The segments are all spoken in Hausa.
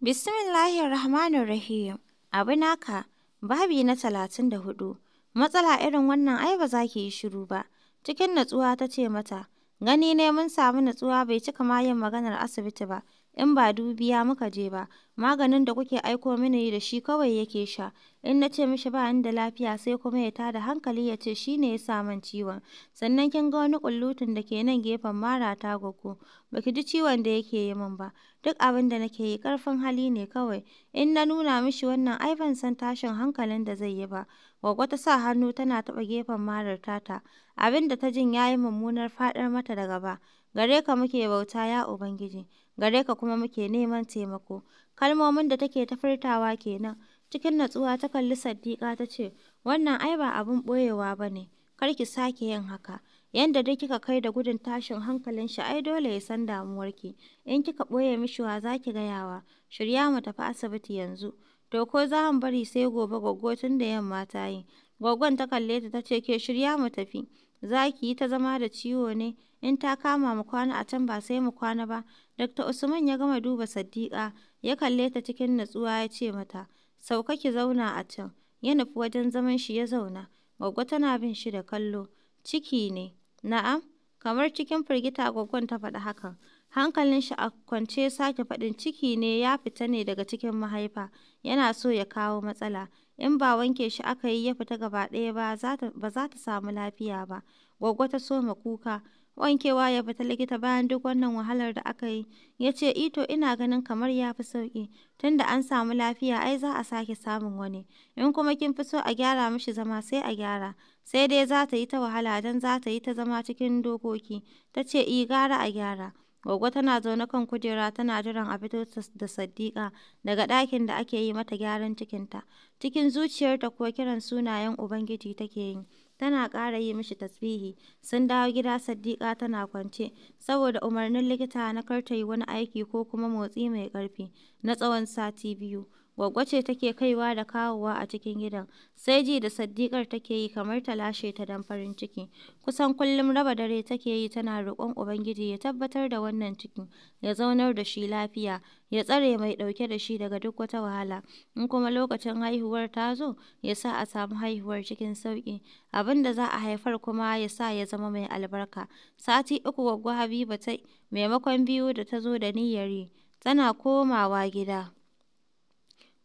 Bismillahirrahmanirrahim. Abu naka, babi na talatin da hudu Matsala irin wannan ai ba za ki yi shiru ba. Cikin natsuwa ta ce mata, gani ne mun samu natsuwa bai cika ma yin maganar asibiti ba. in ba dubiya muka je ba, maganin da kuke aiko mini da shi kawai yake sha, in na ce mishi ba ni da lafiya sai kuma ya tada hankali ya ce shi ne ya sa min ciwon, sannan kin ga wani kullutun da ke nan gefen mara ta goggo, ba ki ji ciwon da yake yi min ba, duk abin da nake yi karfin hali ne kawai, in na nuna mishi wannan ai ban san tashin hankalin da zai yi ba, goggo ta sa hannu tana taɓa gefen marar tata, abin da ta jin yayi mummunar faɗar mata da ba gare ka muke bauta ya Ubangiji, gare ka kuma muke neman taimako. Kalmomin da take ta furtawa kenan, cikin natsuwa ta kalli Saddiƙa ta ce, Wannan ai ba abin ɓoyewa ba ne, kar ki sake yin haka. Yanda dai kika kai da gudun tashin hankalin shi ai dole ya san damuwarki, in kika ɓoye mishi wa za ki gayawa, shirya mu tafi asibiti yanzu. To ko za mu bari sai gobe goggo tun da yamma ta yi. goggon ta kalle ta ta ce ke shirya mu tafi. Za ki yi ta zama da ciwo ne, in ta kama mu kwana a can ba sai mu kwana ba. Dr. Usman ya gama duba Saddiƙa, ya kalle ta cikin natsuwa ya ce mata, sauka ki zauna a can. Ya nufi wajen zaman shi ya zauna. goggo tana bin shi da kallo. Ciki ne, na'am. Kamar cikin firgita agogon ta faɗi hakan, hankalin shi a kwance sake faɗin ciki ne ya fita ne daga cikin mahaifa, yana so ya kawo matsala. In ba wanke shi aka yi ya fita gaba ɗaya ba, ba za ta samu lafiya ba. Gwaggo ta soma kuka. wankewa ya fita likita bayan duk wannan wahalar da aka yi. Ya ce, Ito ina ganin kamar ya fi sauƙi, tunda an samu lafiya ai za a sake samun wani. In kuma kin fi so a gyara mishi zama sai a gyara. Sai dai za ta yi ta wahala don za ta yi ta zama cikin dokoki. Ta ce, I gara a gyara. Gwaggo tana zaune kan kujera tana jiran a fito da sadiqa daga ɗakin da ake yi mata gyaran cikinta. Cikin zuciyarta kuwa kiran sunayen Ubangiji take yi. tana ƙara yi mishi tasbihi. Sun dawo gida Saddiƙa tana kwance, saboda umarnin likita na kar ta yi wani aiki ko kuma motsi mai ƙarfi, na tsawon sati biyu. Gwaggo ce take kaiwa da kawowa a cikin gidan, sai ji da Saddiƙar take yi kamar ta lashe ta don farin ciki. Kusan kullum raba dare take yi tana roƙon Ubangiji ya tabbatar da wannan ciki ya zaunar da shi lafiya, ya tsare mai ɗauke da shi daga duk wata wahala. In kuma lokacin haihuwar ta zo, ya sa a samu haihuwar cikin sauƙi. Abin da za a haifar kuma ya sa ya zama mai albarka. Sati uku gwaggwa Habiba ta maimakon biyu da ta zo da niyyar yi, tana komawa gida.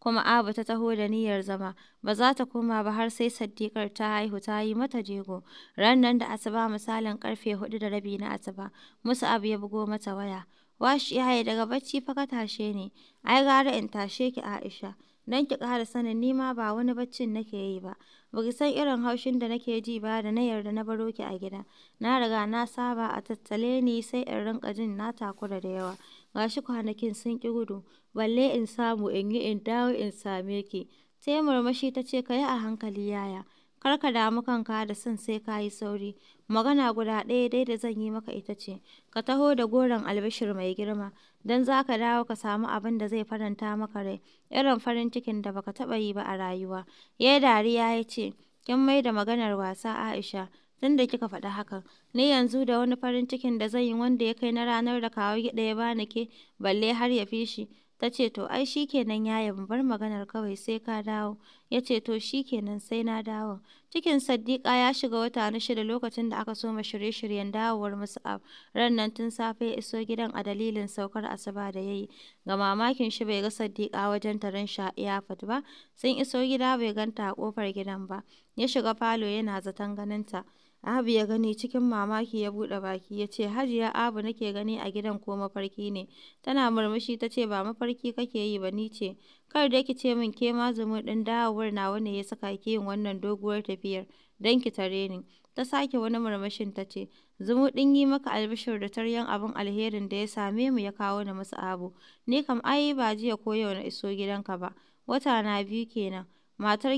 kuma Abu ta taho da niyyar zama, ba za ta koma ba har sai Saddiƙar ta haihu ta yi mata jego. Ran nan da Asuba misalin karfe hudu da rabi na Asuba, musu abu ya bugo mata waya. Washi ya yi daga bacci fa ka tashe ni, ai gara in tashe ki Aisha. don ki ƙara sanin ni ma ba wani baccin nake yi ba ba san irin haushin da nake ji ba da na yarda na baro ki a gida na riga na saba a tattale ni sai in rinka jin na takura da yawa gashi kwanakin sun ƙi gudu, balle in samu in yi in dawo in same ki. Ta murmushi ta ce, ka yi a hankali yaya, kar ka damu kanka da son sai ka yi sauri. Magana guda ɗaya dai da zan yi maka ita ce, ka taho da goron albishir mai girma, don za ka dawo ka samu abin da zai faranta maka rai, irin farin cikin da baka taɓa yi ba a rayuwa. Ya dariya ya ce, kin mai da maganar wasa Aisha. Tun da kika faɗi hakan, ni yanzu da wani farin cikin da zan yi wanda ya kai na ranar da kawo gida ya bani ke, balle har ya fi shi. Ta ce to ai shi kenan yaya mu bar maganar kawai sai ka dawo. Ya ce to shi kenan sai na dawo. Cikin Saddiƙa ya shiga wata na shida lokacin da aka soma shirye-shiryen dawowar Mus'ab. Ran nan tun safe ya iso gidan a dalilin saukar asuba da ya yi. Ga mamakin shi bai ga Saddiƙa wajen taron sha iyafat ba. Sun iso gida bai ganta a kofar gidan ba. Ya shiga falo yana zaton ganinta. Abu ya gani cikin mamaki ya bude baki ya ce, Hajiya Abu nake gani a gidan ko mafarki ne? Tana murmushi ta ce, Ba mafarki kake yi ba ni ce, kar da ki ce min ke ma din dawowar nawa ne ya saka ki yin wannan doguwar tafiyar dan ki tare ni. Ta sake wani murmushin ta ce, din yi maka albishir da taryan abin alherin da ya same mu ya kawo ni masu abu. Ni kam ai ba jiya ko yau na iso gidanka ba, wata na biyu kenan. Matar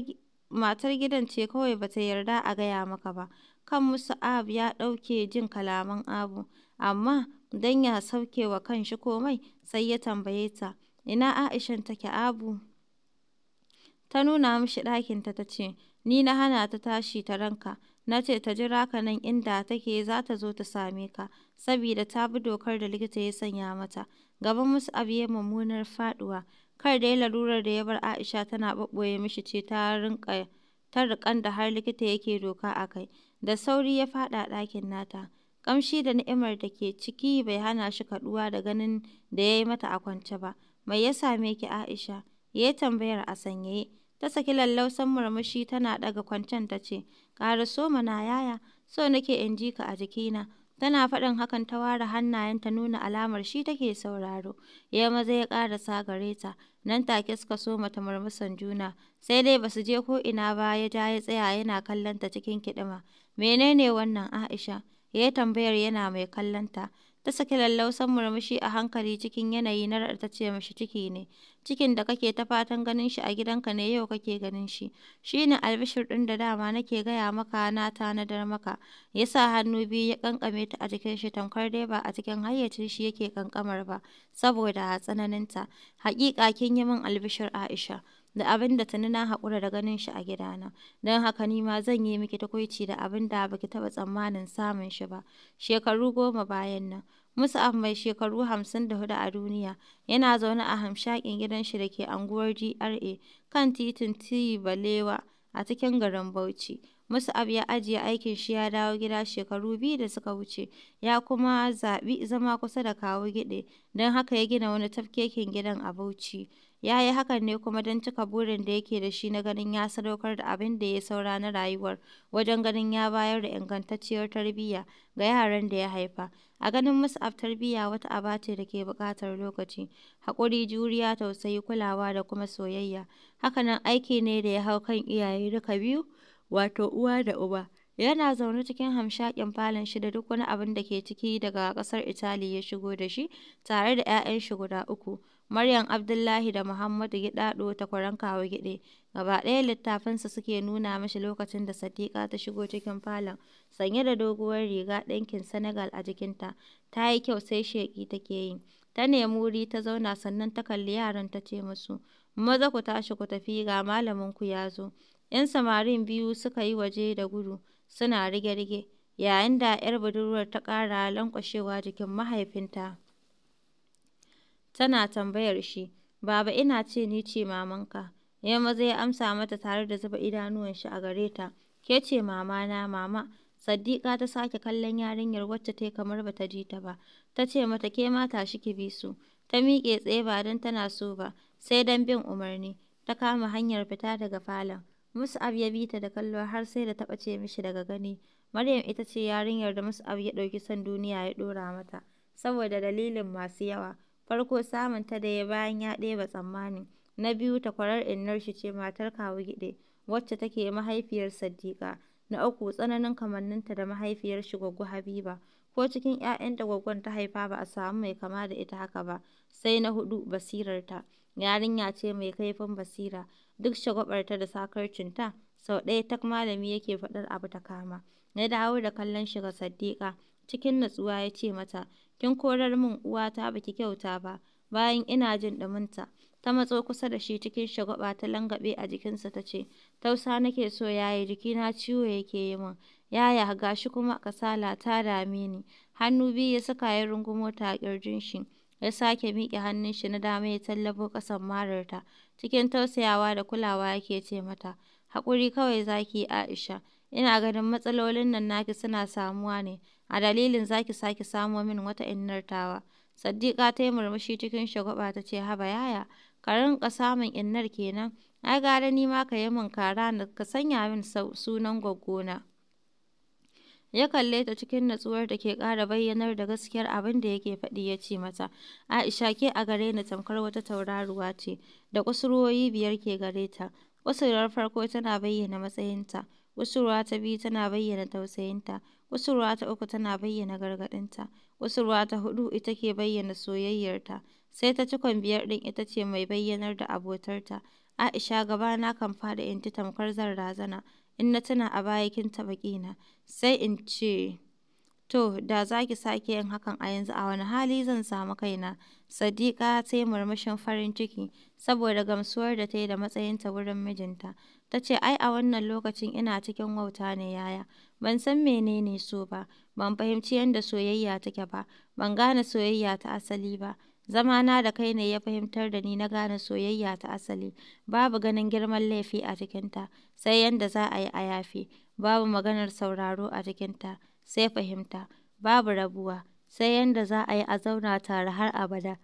matar gidan ce kawai bata yarda a gaya maka ba kan Ab ya ɗauke jin kalaman Abu, amma don ya sauke wa kanshi komai, sai ya tambaye ta, "Ina Aishan take Abu?" Ta nuna mishi ɗakinta ta ce, "Ni na hana ta tashi ta ranka, na ce ta jira ka nan inda take za ta zo ta same ka, saboda ta bi dokar da likita ya sanya mata." Gaban Ab ya mummunar faɗuwa, kar dai larurar da ya bar Aisha tana ɓaɓɓoye mishi ce ta riƙan da har likita yake doka a kai. Da sauri ya faɗa ɗakin nata, ƙamshi da ni'imar da ke ciki bai hana shi kaɗuwa da ganin da ya yi mata a kwance ba. Mai ya same ki Aisha? Ya yi tambayar a sanyaye. Ta saki lallausan murmushi tana ɗaga kwancen ta ce, soma na, yaya, so nake in ji ka a jikina. Tana faɗin hakan ta ware hannayen ta nuna alamar shi take sauraro. Ya maza ya ƙarasa gare ta, nan take suka so mata murmusan juna, sai dai basu je ko ina ba ya ja ya tsaya yana kallon ta cikin kiɗima. “Menene wannan, Aisha?” ya yi tambayar yana mai kallonta. Ta saki lallausan murmushi a hankali cikin yanayi na raɗa ta ce mashi ciki ne, cikin da kake ta fatan ganin shi a gidanka ne yau kake ganin shi, shi ne albishir ɗin da dama nake gaya maka na tanadar maka, ya sa hannu biyu ya ƙanƙame ta a jikin shi tamkar dai ba a cikin hayyacin shi yake ƙanƙamar ba, saboda tsananinta, haƙiƙa kin yi min albishir Aisha. da abin da tuni na haƙura da ganin shi a gidana, don haka ni ma zan yi miki takwaici da abin da baki ki taɓa tsammanin samun shi ba, shekaru goma bayan nan. musu Mus'ab mai shekaru hamsin da hudu a duniya yana zaune a hamshakin gidan shi da ke unguwar GRA kan titin tibalewa Balewa a cikin garin Bauchi. Mus'ab ya ajiye aikin shi ya dawo gida shekaru biyu da suka wuce, ya kuma zaɓi zama kusa da Kawu Gide, don haka ya gina wani tafkekin gidan a Bauchi. Ya yi hakan ne kuma don cika burin da yake da shi na ganin ya sadaukar da abin da ya saura na rayuwar wajen ganin ya bayar da ingantacciyar tarbiyya ga yaran da ya haifa. A ganin Mus'ab tarbiyya wata aba ce da ke buƙatar lokaci, hakuri juriya, tausayi, kulawa da kuma soyayya. Haka nan aiki ne da ya hau kan iyaye duka biyu. wato uwa da uba, yana zaune cikin hamshakin falon shi da duk wani abin da ke ciki daga kasar Italy ya shigo da shi, tare da 'ya'yan shi guda uku, Maryam Abdullahi da Muhammadu ta takwaran kawo Giɗe. Gaba ɗaya littafinsa suke nuna mashi lokacin da Sadiqa ta shigo cikin falon, sanye da doguwar riga ɗinkin Senegal a jikinta, ta yi kyau sai sheƙi take yi. Ta nemi wuri ta zauna sannan ta kalli yaran ta ce musu, maza ku tashi ku tafi ga ku ya zo. ‘Yan samarin biyu suka yi waje da gudu, suna rige-rige, yayin da ‘yar budurwar ta ƙara lankwashewa jikin mahaifinta tana tambayar shi, “Baba, ina ce ni ce mamanka?” Ya maza ya amsa mata tare da zuba idanuwan shi a gare ta. “Ke ce mamana, mama.” sadiƙa ta sake kallon yarinyar wacce ta kamar bata ji ta ba, ta ce mata, “Ke ma tashi ki bi su.” Ta miƙe tsaye ba don tana so ba, sai don bin umarni, ta kama hanyar fita daga falon. Mus'ab ya bi ta da kallo har sai da ta ce mishi daga gani. Maryam ita ce yarinyar da Mus'ab ya ɗauki son duniya ya ɗora mata, saboda dalilin masu yawa. Farko samun ta da ya bayan ya ɗeba tsammani. Na biyu takwarar innar shi ce matar kawu giɗe wacce take mahaifiyar Saddiƙa. Na uku tsananin kamanninta da mahaifiyar shi Gwaggo Habiba. Ko cikin 'ya'yan da Gwaggon ta haifa ba a samu mai kama da ita haka ba. Sai na hudu basirarta. Yarinya ce mai kaifin basira. duk shagwaɓarta da sakarcinta, sau ɗaya tak malami yake faɗar abu ta kama. na dawo da kallon shi ga Saddiƙa, cikin natsuwa ya ce mata, kin korar min uwata baki kyauta ba, bayan ina jin ɗuminta. Ta matso kusa da shi cikin shagwaɓa ta langabe a jikinsa ta ce, tausa nake so yayi jikina ciwo yake yi min, yaya gashi kuma kasala ta dame ni. Hannu biyu ya saka ya rungumo ta kirjin ƙirjin shi. ya sake miƙe hannun shi na dama ya tallabo ƙasan ta cikin tausayawa da kulawa yake ce mata, haƙuri kawai zaki yi Aisha, ina ganin matsalolin nan naki suna samuwa ne, a dalilin zaki sake samo min wata innar tawa. Saddiƙa ta yi murmushi cikin shagwaba ta ce, haba yaya, ka rinƙa samun innar kenan, ai gara ni ma ka yi min kara ka sanya min sunan gwaggona. Ya kalle ta cikin natsuwar da ke ƙara bayyanar da gaskiyar abin da yake faɗi ya ce mata, Aisha ke a gare ni tamkar wata tauraruwa ce, da kusurwoyi biyar ke gare ta. Kusurwar farko tana bayyana matsayinta, kusurwa ta biyu tana bayyana tausayinta, kusurwa ta uku tana bayyana gargaɗinta, kusurwa ta hudu ita ke bayyana soyayyarta, sai ta cikon biyar ɗin ita ce mai bayyanar da abotarta. Aisha gabana kan fada in ji tamkar zan razana. in na tuna a baya kin taɓa ƙina, sai in ce, to da za ki sake yin hakan a yanzu a wani hali zan samu kaina. Sadiqa ta yi murmushin farin ciki saboda gamsuwar da ta yi da matsayinta wurin mijinta. Ta ce, ai a wannan lokacin ina cikin wauta ne yaya, ban san menene so ba, ban fahimci yadda soyayya take ba, ban gane soyayya ta asali ba. Zama na da kai ne ya fahimtar da ni na gane soyayya ta asali, babu ganin girman laifi a cikinta, sai yanda za a yi a yafe, babu maganar sauraro a cikinta, sai fahimta, babu rabuwa, sai yanda za a yi a zauna tare har abada.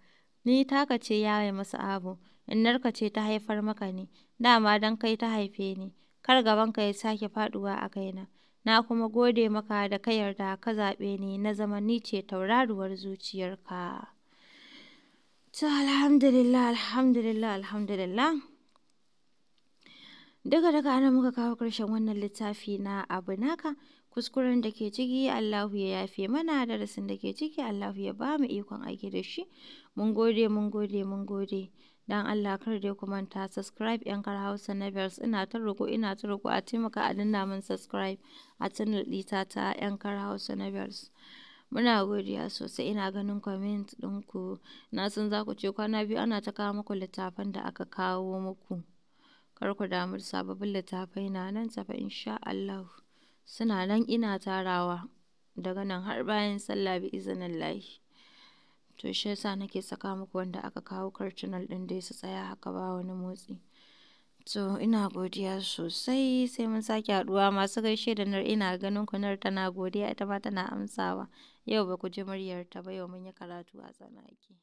Ni taka ce masu abu. innarka ce ta haifar maka ne. dama don kai ta haife ni, kar gaban ka ya sake faɗuwa a kaina. Na kuma gode maka da ka yarda ka zaɓe ni na zama ni ce tauraruwar zuciyarka. To alhamdulillah, alhamdulillah, alhamdulillah. Duka daga ana muka kawo ƙarshen wannan littafi na abu naka kuskuren da ke ciki Allahu ya yafe mana darasin da ke ciki Allahu ya ba mu ikon aiki da shi. Mun gode, mun gode, mun gode. Dan Allah kar dai ku manta subscribe yan kar Hausa na Bells ina ta roƙo ina ta roƙo a taimaka a danna min subscribe a channel ɗita ta yan kar Hausa na bells Muna godiya sosai, ina ganin comment ɗinku, na san za ku ce kwana biyu ana ta kawo muku littattafan da aka kawo muku. Kar ku damu, da sababbin littafai na nan tafa in sha Allahu. Suna nan ina tarawa daga nan har bayan sallah bi lahi To shi yasa nake saka muku wanda aka kawo kartunal ɗin dai su tsaya haka ba wani motsi. To ina godiya sosai sai mun sake haɗuwa. Masu gaishe da nar ina ganin ku nar tana godiya ita ma tana amsawa. Yau ba ku ji muryarta ba, yau mun yi karatu a tsanake.